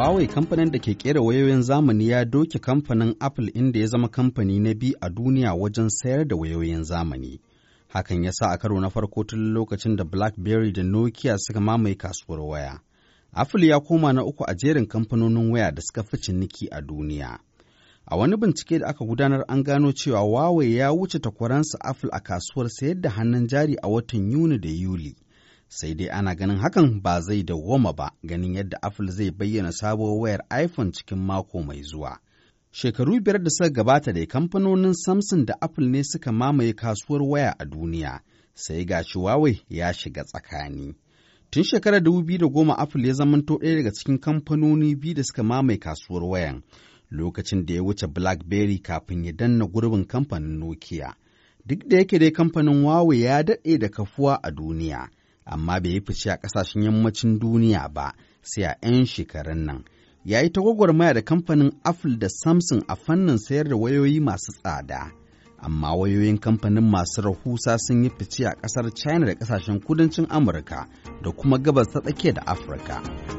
Huawei kamfanin da ke kera wayoyin zamani ya doke kamfanin Apple inda ya zama kamfani na biyu a duniya wajen sayar da wayoyin zamani. Hakan ya sa a karo na farko tun lokacin da BlackBerry da Nokia suka mamaye kasuwar waya. Apple ya koma na uku a jerin kamfanonin waya da suka fi ciniki a duniya. A wani bincike da aka gudanar an gano cewa Huawei ya wuce takwaransa Apple a kasuwar sayar da hannun jari a watan Yuni da Yuli. sai dai ana ganin hakan ba zai da goma ba ganin yadda Apple zai bayyana sabuwar wayar iPhone cikin mako mai zuwa. Shekaru biyar da suka gabata da kamfanonin Samsung da Apple ne suka mamaye kasuwar waya a duniya, sai ga Huawei ya shiga tsakani. Tun shekarar dubu biyu da goma Apple ya zamanto ɗaya daga cikin kamfanoni biyu da suka mamaye kasuwar wayan, lokacin da ya wuce BlackBerry kafin ya danna gurbin kamfanin Nokia. Duk da yake dai kamfanin Huawei ya daɗe da kafuwa a duniya. amma bai yi fice a ƙasashen yammacin duniya ba sai a 'yan shekarun nan. Ya yi ta gwagwarmaya da kamfanin Apple da Samsung a fannin sayar da wayoyi masu tsada. Amma wayoyin kamfanin masu rahusa sun yi fice a ƙasar China da ƙasashen kudancin Amurka da kuma gabas ta tsakiya da Afirka.